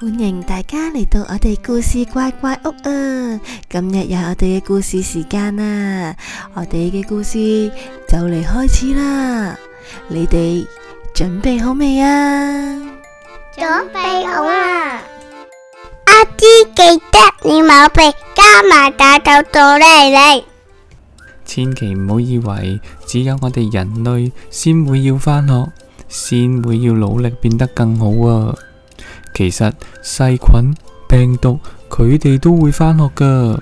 歡迎大家嚟到我哋故事怪怪屋啊！今日有我哋嘅故事時間啊！我哋嘅故事就嚟開始啦！你哋準備好未啊？準備好啊！阿芝記得你冇病，加埋打頭到嚟嚟。千祈唔好以為只有我哋人類先會要返學，先會要努力變得更好啊！其實細菌病毒佢哋都會返學噶。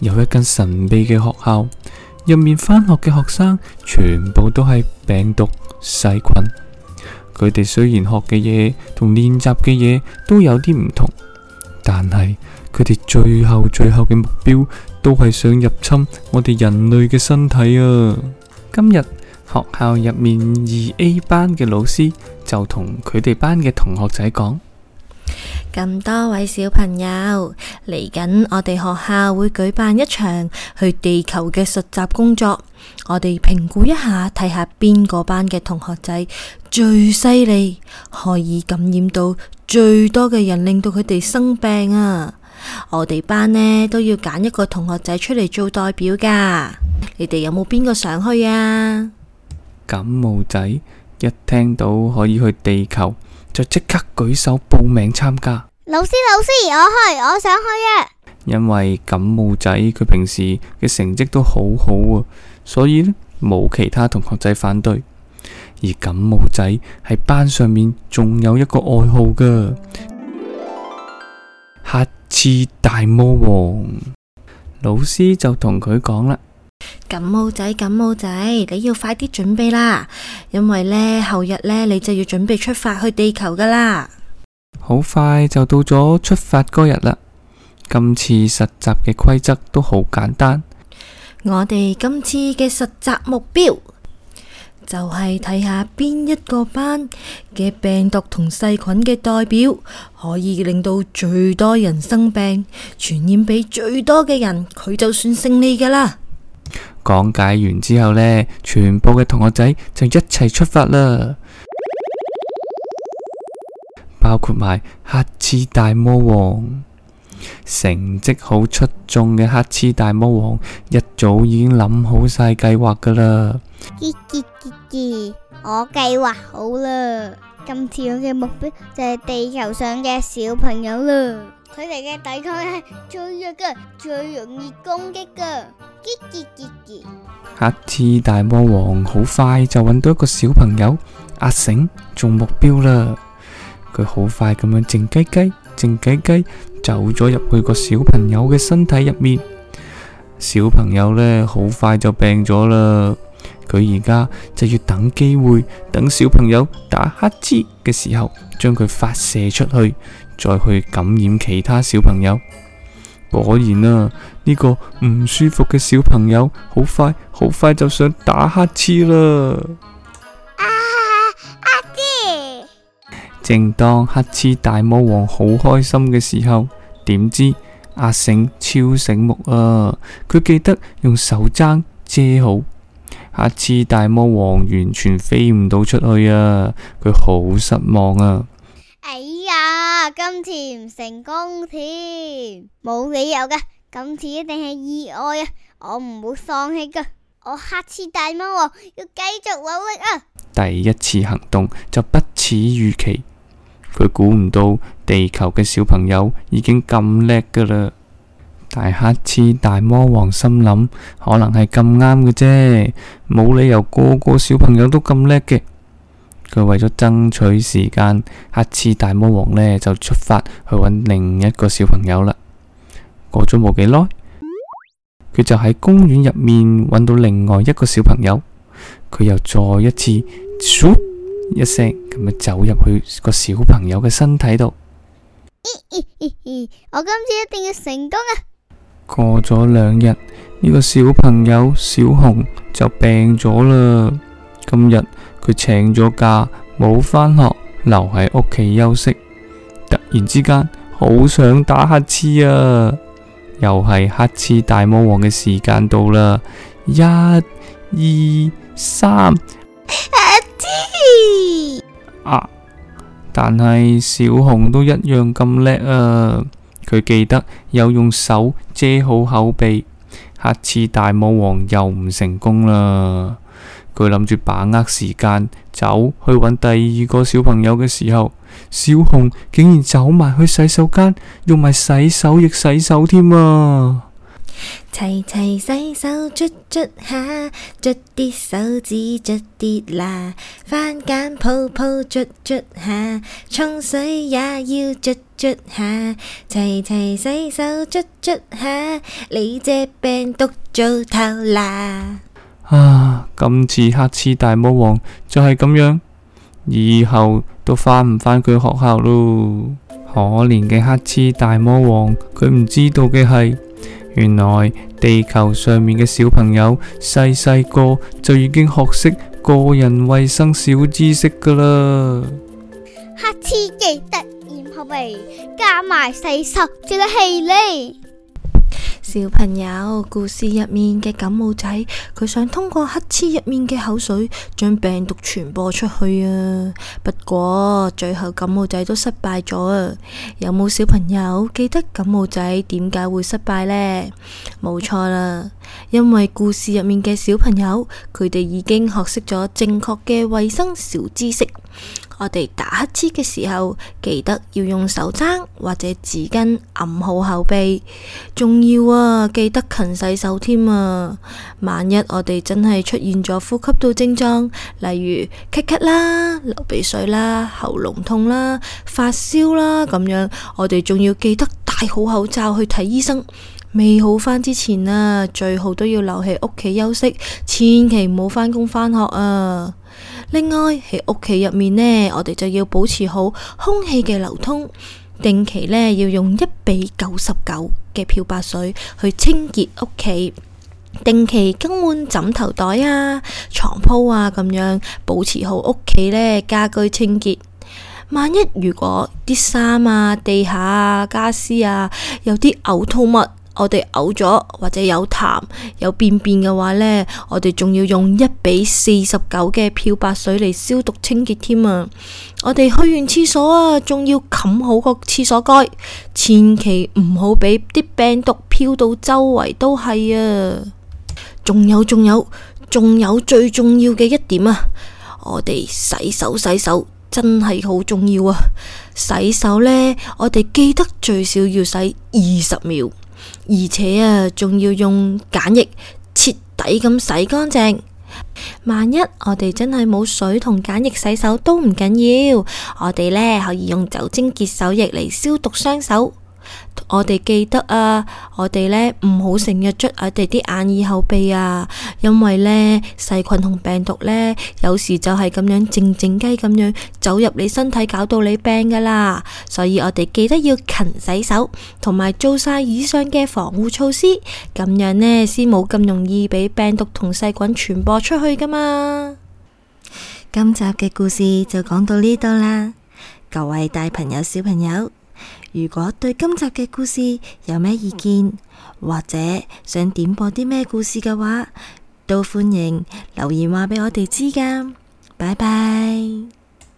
有一間神秘嘅學校，入面返學嘅學生全部都係病毒細菌。佢哋雖然學嘅嘢同練習嘅嘢都有啲唔同，但係佢哋最後最後嘅目標都係想入侵我哋人類嘅身體啊。今日學校入面二 A 班嘅老師就同佢哋班嘅同學仔講。咁多位小朋友嚟緊，我哋學校會舉辦一場去地球嘅實習工作。我哋評估一下，睇下邊個班嘅同學仔最犀利，可以感染到最多嘅人，令到佢哋生病啊！我哋班呢都要揀一個同學仔出嚟做代表噶。你哋有冇邊個想去啊？感冒仔一聽到可以去地球。就即刻舉手報名參加。老師，老師，我去，我想去啊！因為感冒仔佢平時嘅成績都好好啊，所以呢冇其他同學仔反對。而感冒仔喺班上面仲有一個外號㗎，乞嗤大魔王。老師就同佢講啦。感冒仔，感冒仔，你要快啲準備啦，因為呢後日呢，你就要準備出發去地球噶啦。好快就到咗出發嗰日啦。今次實習嘅規則都好簡單，我哋今次嘅實習目標就係睇下邊一個班嘅病毒同細菌嘅代表可以令到最多人生病，傳染俾最多嘅人，佢就算勝利噶啦。講解完之後呢，全部嘅同學仔就一齊出發啦， 包括埋乞嗤大魔王。成績好出眾嘅乞嗤大魔王一早已經諗好晒計劃噶啦。我計劃好啦，今次我嘅目標就係地球上嘅小朋友啦。佢哋嘅抵抗力係最弱嘅，最容易攻擊嘅。乞嗤大魔王好快就揾到一個小朋友阿醒做目標啦！佢好快咁樣靜雞雞、靜雞雞走咗入去個小朋友嘅身體入面，小朋友呢好快就病咗啦！佢而家就要等機會，等小朋友打乞嗤嘅時候，將佢發射出去，再去感染其他小朋友。果然啊，呢、這個唔舒服嘅小朋友，好快好快就想打乞嗤啦！啊，阿嗤！正當乞嗤大魔王好開心嘅時候，點知阿醒超醒目啊！佢記得用手踭遮好，乞嗤大魔王完全飛唔到出去啊！佢好失望啊！哎呀，今次唔成功添，冇理由噶，今次一定係意外啊！我唔會放棄噶，我乞嗤大魔王要繼續努力啊！第一次行動就不似預期，佢估唔到地球嘅小朋友已經咁叻噶啦。但乞嗤大魔王心諗，可能係咁啱嘅啫，冇理由個個小朋友都咁叻嘅。佢為咗爭取時間，乞嗤大魔王呢就出發去揾另一個小朋友啦。過咗冇幾耐，佢就喺公園入面揾到另外一個小朋友。佢又再一次，咻一聲咁啊，走入去個小朋友嘅身體度。我今次一定要成功啊！過咗兩日，呢個小朋友小紅就病咗啦。今日佢請咗假，冇返學，留喺屋企休息。突然之間，好想打乞嗤啊！又係乞嗤大魔王嘅時間到啦！一、二、三，乞嗤啊！但係小熊都一樣咁叻啊！佢記得有用手遮好口鼻，乞嗤大魔王又唔成功啦。佢諗住把握時間走去搵第二個小朋友嘅時候，小紅竟然走埋去洗手間用埋洗手液洗手添啊！齊齊洗手捽捽下，捽啲手指捽啲啦，番鹼泡泡捽捽下，沖水也要捽捽下，齊齊洗手捽捽下，你隻病毒做透啦！啊！今次乞嗤大魔王就係咁樣，以後都返唔返佢學校咯。可憐嘅乞嗤大魔王，佢唔知道嘅係，原來地球上面嘅小朋友細細個就已經學識個人衛生小知識噶啦。乞嗤記得然口鼻，加埋洗手，得係呢。小朋友，故事入面嘅感冒仔，佢想通過乞嗤入面嘅口水將病毒傳播出去啊。不過最後感冒仔都失敗咗啊。有冇小朋友記得感冒仔點解會失敗咧？冇錯啦，因為故事入面嘅小朋友，佢哋已經學識咗正確嘅衛生小知識。我哋打乞嗤嘅時候，記得要用手踭或者紙巾揞好口鼻，仲要啊！記得勤洗手添啊！萬一我哋真係出現咗呼吸道症狀，例如咳咳啦、流鼻水啦、喉嚨痛啦、發燒啦咁樣，我哋仲要記得戴好口罩去睇醫生。未好返之前啊，最好都要留喺屋企休息，千祈唔好返工返學啊！另外喺屋企入面呢，我哋就要保持好空氣嘅流通，定期呢，要用一比九十九嘅漂白水去清潔屋企，定期更換枕頭袋啊、床鋪啊，咁樣保持好屋企呢家居清潔。萬一如果啲衫啊、地下啊、家私啊有啲嘔吐物。我哋嘔咗或者有痰有便便嘅話呢，我哋仲要用一比四十九嘅漂白水嚟消毒清潔添啊。我哋去完廁所啊，仲要冚好個廁所蓋，千祈唔好俾啲病毒飄到周圍都係啊。仲有仲有仲有最重要嘅一點啊，我哋洗手洗手真係好重要啊。洗手呢，我哋記得最少要洗二十秒。而且啊，仲要用梘液徹底咁洗乾淨。萬一我哋真係冇水同梘液洗手都唔緊要，要，我哋咧可以用酒精潔手液嚟消毒雙手。我哋記得啊，我哋呢唔好成日捽我哋啲眼耳口鼻啊，因為呢細菌同病毒呢，有時就係咁樣靜靜雞咁樣走入你身體，搞到你病噶啦。所以我哋記得要勤洗手，同埋做晒以上嘅防護措施，咁樣呢先冇咁容易俾病毒同細菌傳播出去噶嘛。今集嘅故事就講到呢度啦，各位大朋友、小朋友。如果對今集嘅故事有咩意見，或者想點播啲咩故事嘅話，都歡迎留言話畀我哋知㗎。拜拜。